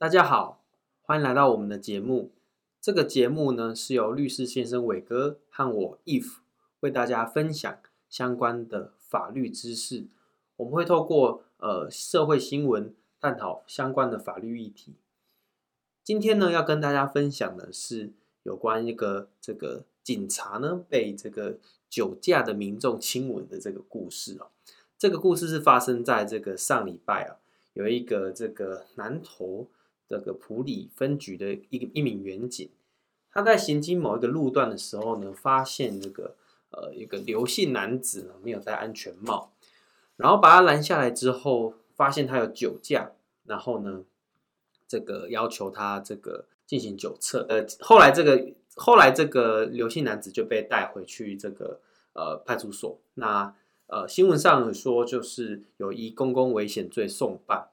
大家好，歡迎來到我們的節目。這個節目呢是由律師先生偉哥和我 IF 為大家分享相關的法律知識。我們會透過呃社會新聞探討相關的法律議題。今天呢要跟大家分享的是有關一個這個警察呢被這個酒駕的民眾親吻的這個故事哦。這個故事是發生在這個上禮拜啊，有一個這個南投這個普里分局的一個一名員警，他在行經某一個路段的時候呢，發現這個呃一個劉姓男子呢沒有戴安全帽，然後把他攔下來之後，發現他有酒駕，然後呢這個要求他這個進行酒測，呃後來這個後來這個劉姓男子就被帶回去這個呃派出所，那呃新聞上有說就是有以公共危險罪送辦。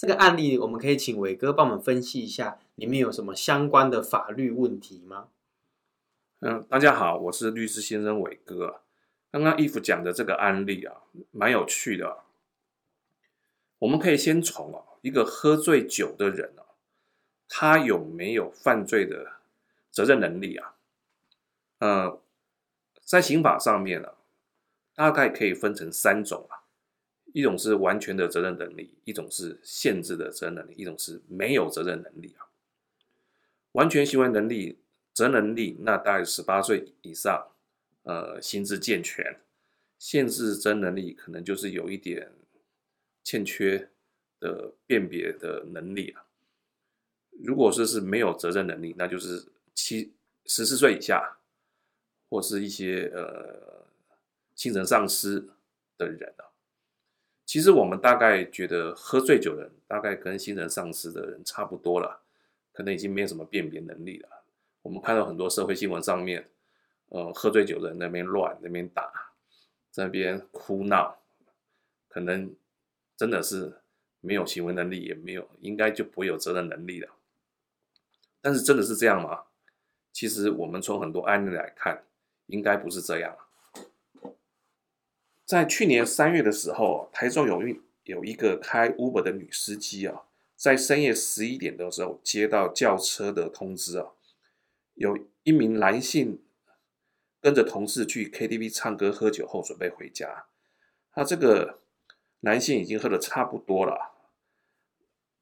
這個案例，我們可以請瑋哥幫我們分析一下，裡面有什麼相關的法律問題嗎？嗯，大家好，我是律師先生瑋哥。剛剛 IF 講的這個案例啊，蠻有趣的。我們可以先從、啊、一個喝醉酒的人、啊、他有沒有犯罪的責任能力啊？呃、在刑法上面呢、啊，大概可以分成三種啊。一種是完全的責任能力，一種是限制的責任能力，一種是沒有責任能力啊。完全行為能力、責能力，那大概十八歲以上，呃，心智健全；限制責任能力，可能就是有一點欠缺的辨別的能力啊。如果說是沒有責任能力，那就是七、十四歲以下，或是一些呃精神喪失的人啊。其實我們大概覺得喝醉酒的人，大概跟心神喪失的人差不多了，可能已經沒有什麼辨別能力了。我們看到很多社會新聞上面，呃，喝醉酒的人那邊亂，那邊打，這邊哭鬧，可能真的是沒有行為能力，也沒有應該就不會有責任能力了。但是真的是這樣嗎？其實我們從很多案例來看，應該不是這樣。在去年三月的時候，台中有一有一個開 Uber 的女司機啊，在深夜十一點的時候接到叫車的通知啊，有一名男性跟着同事去 KTV 唱歌喝酒後準備回家，他這個男性已經喝得差不多了，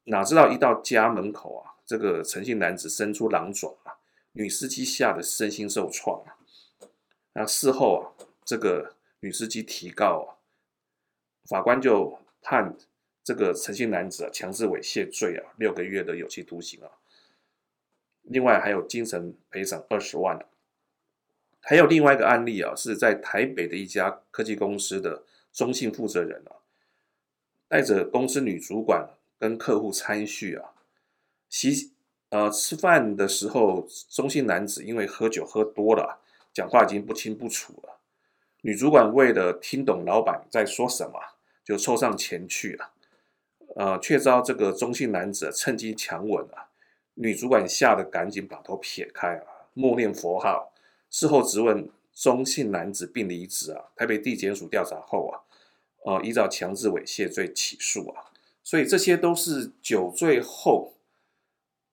哪知道一到家門口啊，這個陳姓男子伸出狼爪啊，女司機嚇得身心受創啊，那事後啊，這個。女司機提告啊，法官就判這個陳姓男子啊強制猥褻罪啊六個月的有期徒刑啊，另外還有精神賠償二十萬啊。還有另外一個案例啊，是在台北的一家科技公司的鍾姓負責人啊，帶着公司女主管跟客戶餐敘啊，其呃吃飯的時候，鍾姓男子因為喝酒喝多了，講話已經不清不楚了。女主管為了聽懂老板在說什麼，就湊上前去了啊，呃，卻遭這個中性男子啊，趁機強吻了啊。女主管嚇得趕緊把頭撇開啊，默念佛號。事後質問中性男子並離職啊，台北地檢署調查後啊，呃，依照強制猥褻罪起訴啊。所以這些都是酒醉後，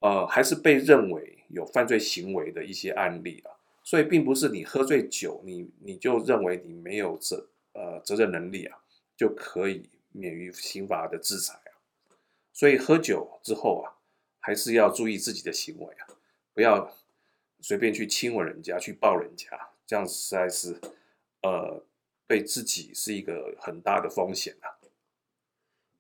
呃，還是被認為有犯罪行為的一些案例啊。所以，並不是你喝醉酒，你你就認為你沒有責呃責任能力啊，就可以免於刑罰的制裁啊。所以，喝酒之後啊，還是要注意自己的行為啊，不要隨便去親吻人家、去抱人家，這樣實在是呃對自己是一個很大的風險啊。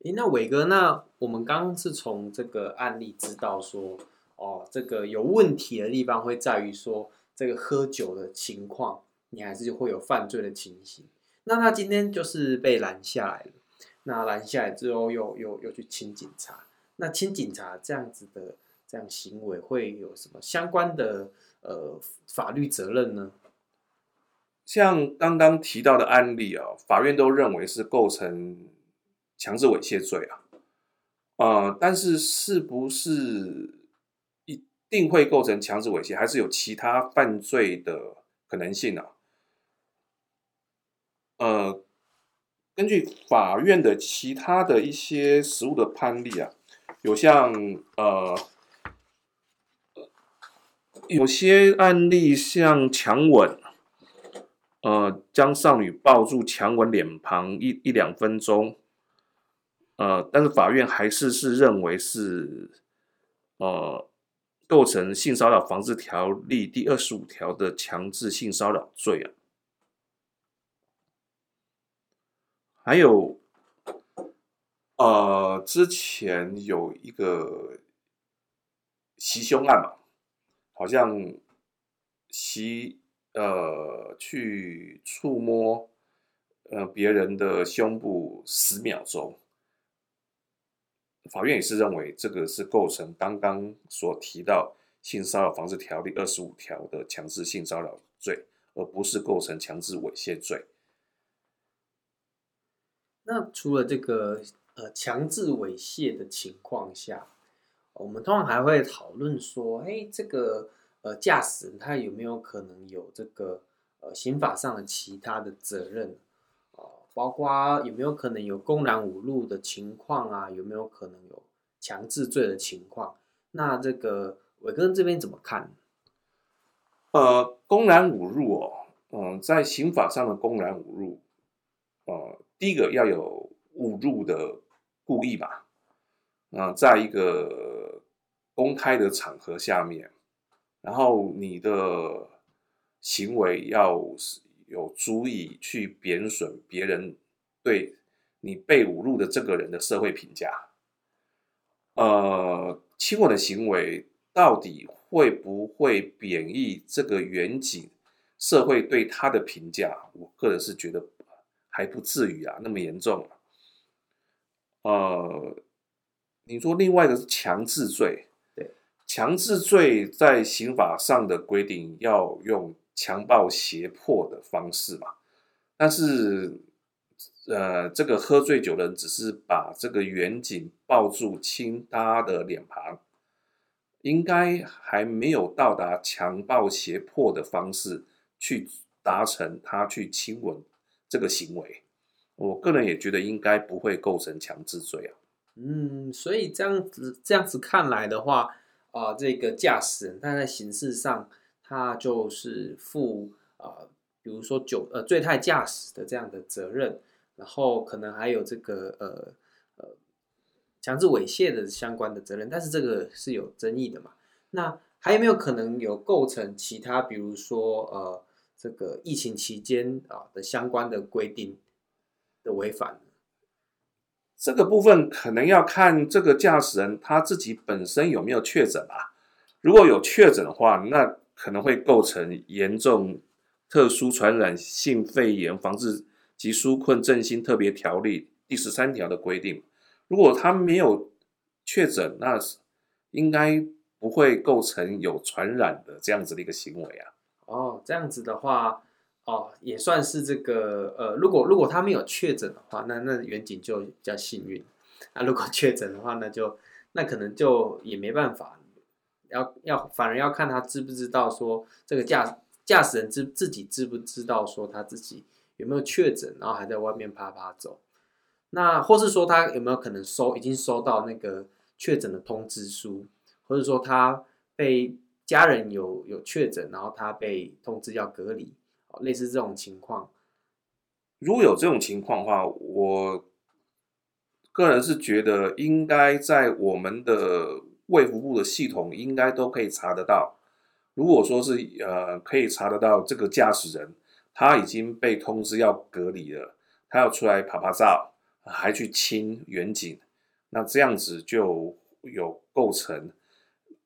誒，那瑋哥，那我們剛剛是從這個案例知道說，哦，這個有問題的地方會在於說。這個喝酒的情況，你還是會有犯罪的情形。那他今天就是被攔下來了。那攔下來之後又，又又又去親警察。那親警察這樣子的這樣行為，會有什麼相關的呃法律責任呢？像剛剛提到的案例啊，法院都認為是構成強制猥褻罪啊。啊、呃，但是是不是？定會構成強制猥褻，還是有其他犯罪的可能性啊，呃，根據法院的其他的一些實務的判例啊，有像呃，有些案例像強吻，呃，將少女抱住強吻臉龐一一兩分鐘，呃，但是法院還是是認為是，呃。構成性騷擾防治條例第二十五條的強制性騷擾罪啊，還有，呃，之前有一個襲胸案嘛，好像襲，呃，去觸摸，呃，別人的胸部十秒鐘。法院也是認為，這個是構成剛剛所提到《性騷擾防治條例》二十五條的強制性騷擾罪，而不是構成強制猥褻罪。那除了這個呃強制猥褻的情況下，我們通常還會討論說，哎、欸，這個呃駕駛人他有沒有可能有這個呃刑法上的其他的責任？包括有沒有可能有公然侮辱的情況啊？有沒有可能有強制罪的情況？那這個瑋哥這邊怎麼看？呃，公然侮辱哦，嗯、呃，在刑法上的公然侮辱，呃，第一個要有侮辱的故意吧，嗯、呃，在一個公開的場合下面，然後你的行為要是。有足以去貶損別人對你被侮辱的這個人的社會評價，呃，親吻的行為到底會不會貶義這個員警社會對他的評價？我個人是覺得還不至於啊，那麼嚴重啊。呃，你說另外一個是強制罪，強制罪在刑法上的規定要用。強暴脅迫的方式嘛，但是，呃，這個喝醉酒的人只是把這個員警，抱住親他的臉龐，應該還沒有到達強暴脅迫的方式去達成他去親吻這個行為。我個人也覺得應該不會構成強制罪啊。嗯，所以這樣子這樣子看來的話啊，呃，這個駕駛人他在形式上。他就是負啊、呃，比如說酒呃醉態駕駛的這樣的責任，然後可能還有這個呃呃強制猥褻的相關的責任，但是這個是有爭議的嘛？那還有沒有可能有構成其他，比如說呃這個疫情期間啊、呃、的相關的規定的違反呢？這個部分可能要看這個駕駛人他自己本身有沒有確診啊。如果有確診的話，那可能會構成嚴重特殊傳染性肺炎防治及紓困振興特別條例第十三條的規定。如果他沒有確診，那是應該不會構成有傳染的這樣子的一個行為啊。哦，這樣子的話，哦，也算是這個呃，如果如果他沒有確診的話，那那員警就比較幸運。那如果確診的話，那就那可能就也沒辦法。要要，反而要看他知不知道說這個駕駕駛人知自己知不知道說他自己有沒有確診，然後還在外面趴趴走，那或是說他有沒有可能收已經收到那個確診的通知書，或者說他被家人有有確診，然後他被通知要隔離，類似這種情況，如果有這種情況的話，我個人是覺得應該在我們的。衛福部的系統應該都可以查得到，如果說是呃可以查得到這個駕駛人，他已經被通知要隔離了，他要出來爬爬照，還去親員警，那這樣子就有構成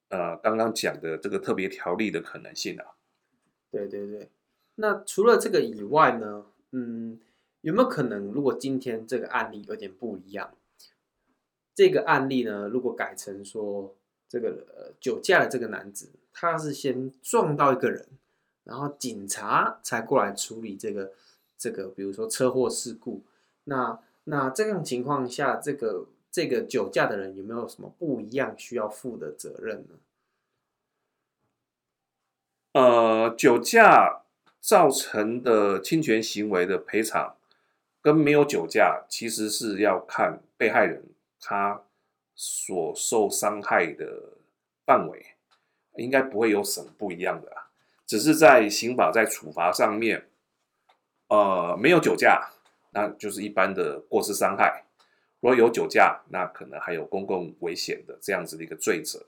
呃剛剛講的這個特別條例的可能性啊。對對對，那除了這個以外呢，嗯，有沒有可能如果今天這個案例有點不一樣？這個案例呢，如果改成說這個呃酒駕的這個男子，他是先撞到一個人，然後警察才過來處理這個這個，比如說車禍事故。那那這種情況下，這個這個酒駕的人有沒有什麼不一樣需要負的責任呢？呃，酒駕造成的侵權行為的賠償，跟沒有酒駕其實是要看被害人。他所受傷害的範圍應該不會有什麼不一樣的啊，只是在刑法在處罰上面，呃，沒有酒駕，那就是一般的過失傷害；如果有酒駕，那可能還有公共危險的這樣子的一個罪責。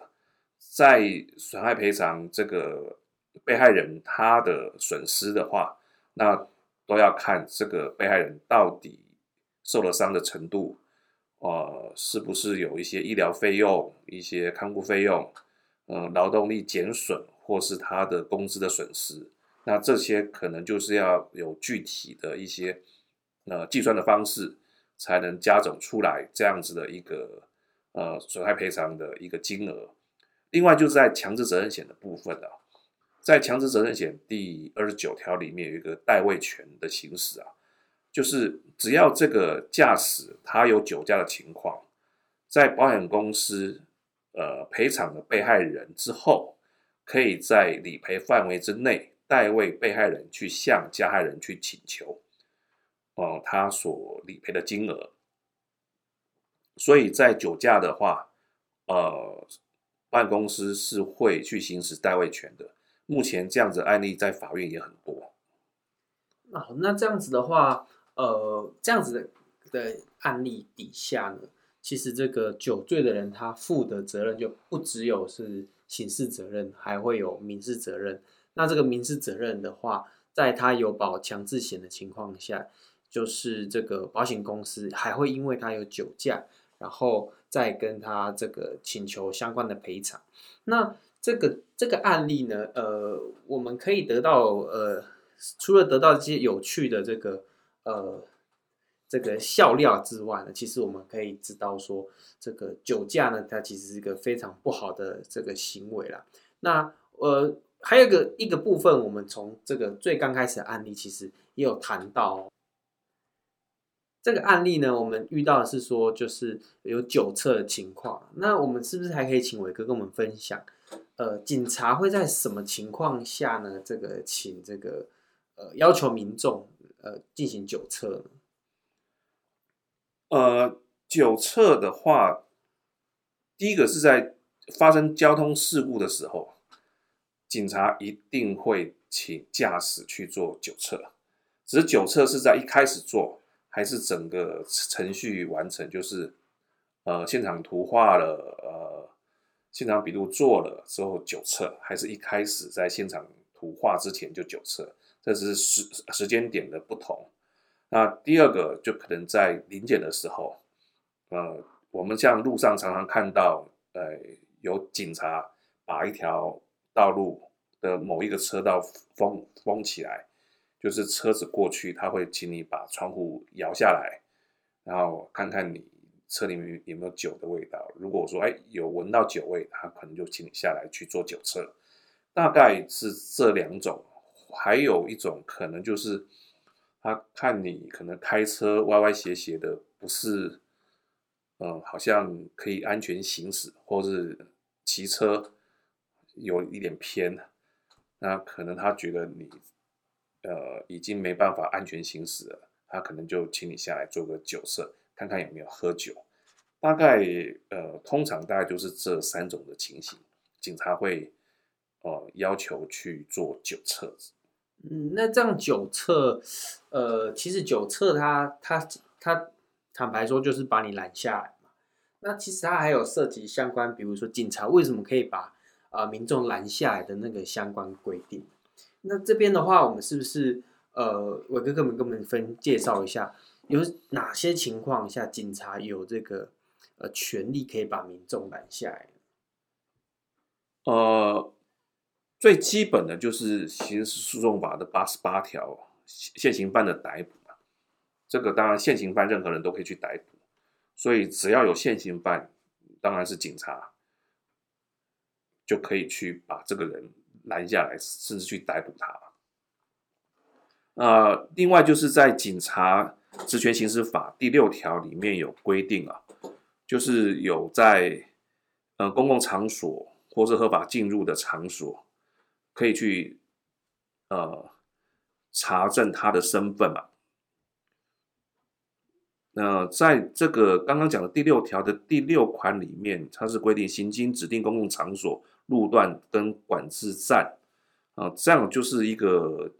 在損害賠償這個被害人他的損失的話，那都要看這個被害人到底受了傷的程度。呃，是不是有一些醫療費用、一些看護費用，嗯、呃，勞動力減損或是他的工資的損失，那這些可能就是要有具體的一些呃計算的方式，才能加總出來這樣子的一個呃損害賠償的一個金額。另外就是在強制責任險的部分啊，在強制責任險第二十九條裡面有一個代位權的行使啊。就是只要這個駕駛他有酒駕的情況，在保險公司呃賠償了被害人之後，可以在理賠範圍之內代位被害人去向加害人去請求，呃，他所理賠的金額。所以在酒駕的話，呃，保險公司是會去行使代位權的。目前這樣子的案例在法院也很多。啊，那這樣子的話。呃，這樣子的、的案例底下呢，其實這個酒醉的人他負的責任就不只有是刑事責任，還會有民事責任。那這個民事責任的話，在他有保強制險的情況下，就是這個保險公司還會因為他有酒駕，然後再跟他這個請求相關的賠償。那這個這個案例呢，呃，我們可以得到，呃，除了得到一些有趣的這個。呃，這個笑料之外呢，其實我們可以知道說，這個酒駕呢，它其實是一個非常不好的這個行為啦。那，呃，還有一個一個部分，我們從這個最剛開始的案例，其實也有談到。這個案例呢，我們遇到的是說，就是有酒測的情況。那我們是不是還可以請瑋哥跟我們分享？呃，警察會在什麼情況下呢？這個請這個呃，要求民眾。呃，進行酒測。呃，酒測的話，第一個是在發生交通事故的時候，警察一定會請駕駛去做酒測。只是酒測是在一開始做，還是整個程序完成？就是呃，現場圖畫了，呃，現場筆錄做了之後酒測，還是一開始在現場圖畫之前就酒測？這只是時時間點的不同，那第二個就可能在臨檢的時候，呃，我們像路上常常看到，呃，有警察把一條道路的某一個車道封封起來，就是車子過去，他會請你把窗戶搖下來，然後看看你車裡面有沒有酒的味道。如果說，哎，有聞到酒味，他可能就請你下來去做酒測。大概是這兩種。還有一種可能就是，他看你可能開車歪歪斜斜的，不是，嗯、呃，好像可以安全行駛，或是騎車有一點偏，那可能他覺得你，呃，已經沒辦法安全行駛了，他可能就請你下來做個酒測，看看有沒有喝酒。大概，呃，通常大概就是這三種的情形，警察會，呃，要求去做酒測。嗯，那這樣酒測，呃，其實酒測它它它，它它坦白說就是把你攔下來嘛。那其實它還有涉及相關，比如說警察為什麼可以把啊、呃、民眾攔下來的那個相關規定。那這邊的話，我們是不是呃，瑋哥哥們跟我們分介紹一下，有哪些情況下警察有這個呃權利可以把民眾攔下來？呃。最基本的就是刑事訴訟法的八十八條，現行犯的逮捕。這個當然，現行犯任何人都可以去逮捕，所以只要有現行犯，當然是警察就可以去把這個人攔下來，甚至去逮捕他。呃，另外就是在警察職權行使法第六條裡面有規定啊，就是有在呃公共場所或者合法進入的場所。可以去呃查證他的身份嘛，那在這個剛剛講的第六條的第六款裡面，它是規定行經指定公共場所、路段跟管制站啊、呃，這樣就是一個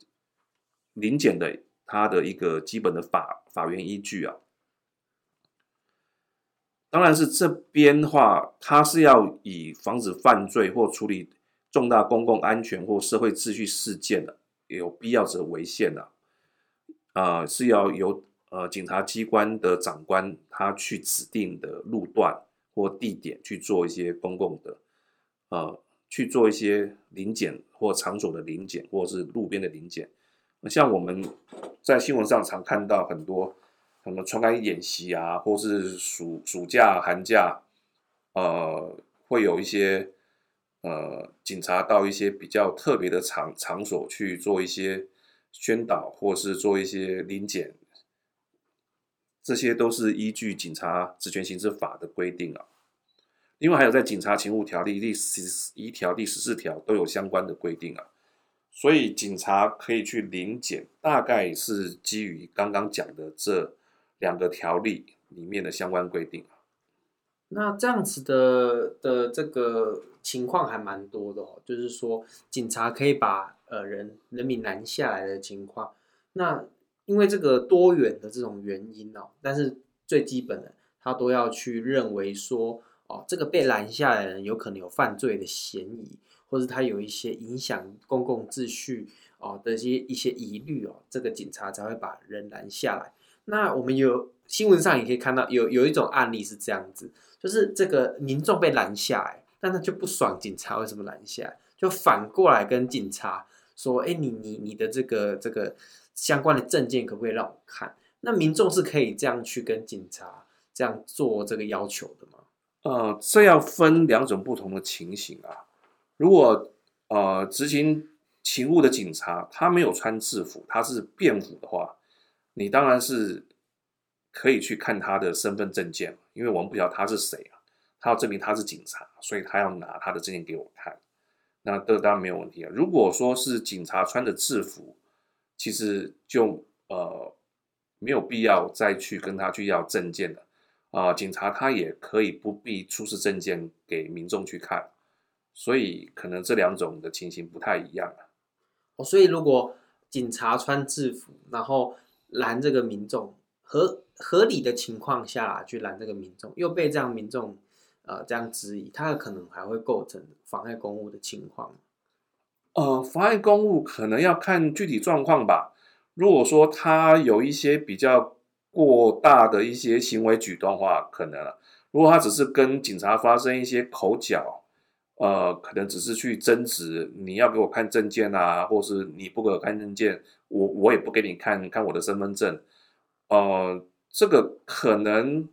臨檢的，它的一個基本的法法源依據啊。當然是這邊的話，它是要以防止犯罪或處理。重大公共安全或社會秩序事件的，有必要者為限啊，啊、呃，是要由呃警察機關的長官他去指定的路段或地點去做一些公共的，呃，去做一些臨檢或場所的臨檢或者是路邊的臨檢，像我們在新聞上常看到很多什麼春安演習啊，或是暑暑假、寒假，呃，會有一些。呃，警察到一些比較特別的場場所去做一些宣導，或是做一些臨檢，這些都是依據警察職權行使法的規定啊。另外，還有在警察勤務條例第十一條、第十四條都有相關的規定啊。所以，警察可以去臨檢，大概是基於剛剛講的這兩個條例裡面的相關規定啊。那這樣子的的這個情況還蠻多的哦，就是說警察可以把呃人人民攔下來的情況，那因為這個多元的這種原因哦，但是最基本的他都要去認為說哦，這個被攔下來的人有可能有犯罪的嫌疑，或者他有一些影響公共秩序哦的一些一些疑慮哦，這個警察才會把人攔下來。那我們有。新聞上也可以看到有有一種案例是這樣子，就是這個民眾被攔下，哎，但他就不爽，警察為什麼攔下來？就反過來跟警察說，哎、欸，你你你的這個這個相關的證件可不可以讓我看？那民眾是可以這樣去跟警察這樣做這個要求的嗎？呃，這要分兩種不同的情形啊。如果呃執行勤務的警察他沒有穿制服，他是便服的話，你當然是。可以去看他的身份證件，因為我們不曉得他是誰啊，他要證明他是警察，所以他要拿他的證件給我看，那這當然沒有問題啊。如果說是警察穿的制服，其實就呃沒有必要再去跟他去要證件了啊、呃。警察他也可以不必出示證件給民眾去看，所以可能這兩種的情形不太一樣、啊、哦。所以如果警察穿制服然後攔這個民眾和。合理的情況下啊，去攔這個民眾，又被這樣民眾呃這樣質疑，他可能還會構成妨礙公務的情況。呃，妨礙公務可能要看具體狀況吧。如果說他有一些比較過大的一些行為舉動的話，可能；如果他只是跟警察發生一些口角，呃，可能只是去爭執，你要給我看證件啊，或是你不給我看證件，我我也不給你看看我的身份證，呃。這個可能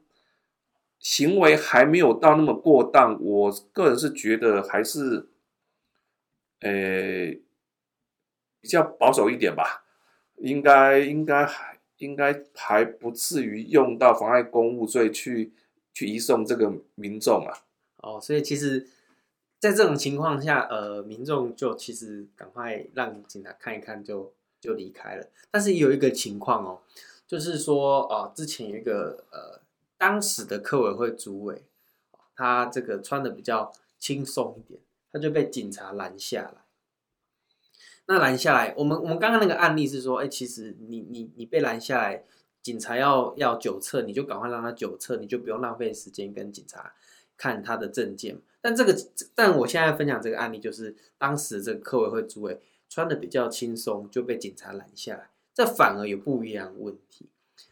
行為還沒有到那麼過當，我個人是覺得還是，欸，比較保守一點吧，應該應該還應該還不至於用到妨害公務罪去去移送這個民眾啊。哦，所以其實在這種情況下，呃，民眾就其實趕快讓警察看一看就就離開了。但是有一個情況哦。就是說，哦，之前有一個呃，當時的客委會主委，他這個穿的比較輕鬆一點，他就被警察攔下來。那攔下來，我們我們剛剛那個案例是說，哎、欸，其實你你你被攔下來，警察要要酒測，你就趕快讓他酒測，你就不用浪費時間跟警察看他的證件。但這個，但我現在分享這個案例，就是當時這個客委會主委穿的比較輕鬆，就被警察攔下來。那反而有不一樣的問題。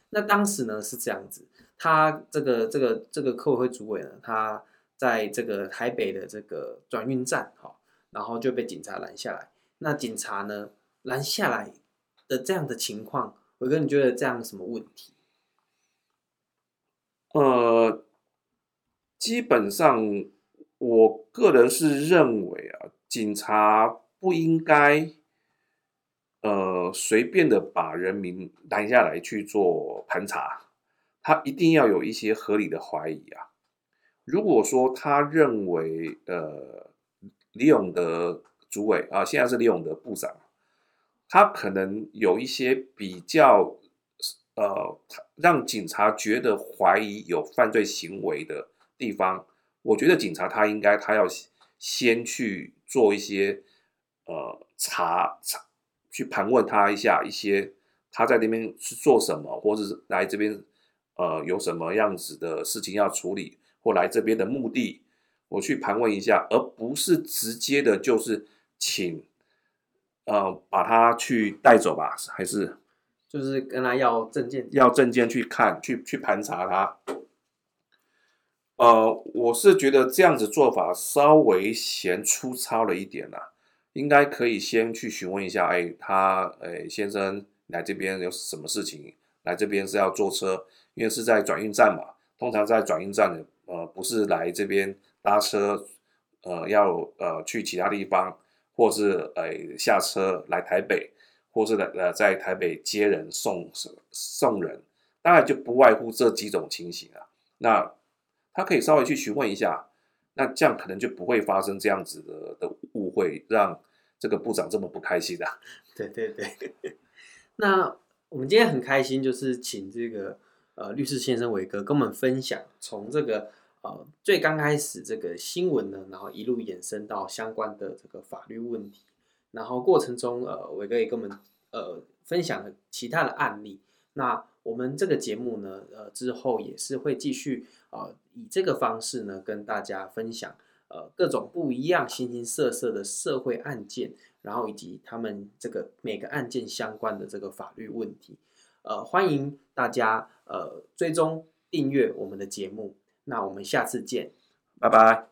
那當時呢是這樣子，他這個這個這個客委會主委呢，他在這個台北的這個轉運站，哈、哦，然後就被警察攔下來。那警察呢攔下來的這樣的情況，瑋哥你覺得這樣什麼問題？呃，基本上我個人是認為啊，警察不應該。呃，隨便的把人民攔下來去做盤查，他一定要有一些合理的懷疑啊。如果說他認為，呃，李永得主委啊、呃，現在是李永得部長，他可能有一些比較，呃，讓警察覺得懷疑有犯罪行為的地方，我覺得警察他應該他要先去做一些呃查查。查去盤問他一下，一些他在那邊是做什麼，或者是來這邊呃有什麼樣子的事情要處理，或來這邊的目的，我去盤問一下，而不是直接的就是請呃把他去帶走吧，還是就是跟他要證件，要證件去看去去盤查他。呃，我是覺得這樣子做法稍微嫌粗糙了一點啊。應該可以先去詢問一下，哎，他，哎，先生來這邊有什麼事情？來這邊是要坐車，因為是在轉運站嘛。通常在轉運站，呃，不是來這邊搭車，呃，要呃去其他地方，或是哎下車來台北，或是來呃在台北接人送送人，當然就不外乎這幾種情形啊。那他可以稍微去詢問一下，那這樣可能就不會發生這樣子的的誤會，讓。這個部長這麼不開心的、啊，對對對。那我們今天很開心，就是請這個呃律師先生瑋哥跟我們分享從這個呃最剛開始這個新聞呢，然後一路延伸到相關的這個法律問題，然後過程中呃瑋哥也跟我們呃分享了其他的案例。那我們這個節目呢，呃之後也是會繼續啊、呃、以這個方式呢跟大家分享。呃，各種不一樣、形形色色的社會案件，然後以及他們這個每個案件相關的這個法律問題，呃，歡迎大家呃追蹤訂閱我們的節目，那我們下次見，拜拜。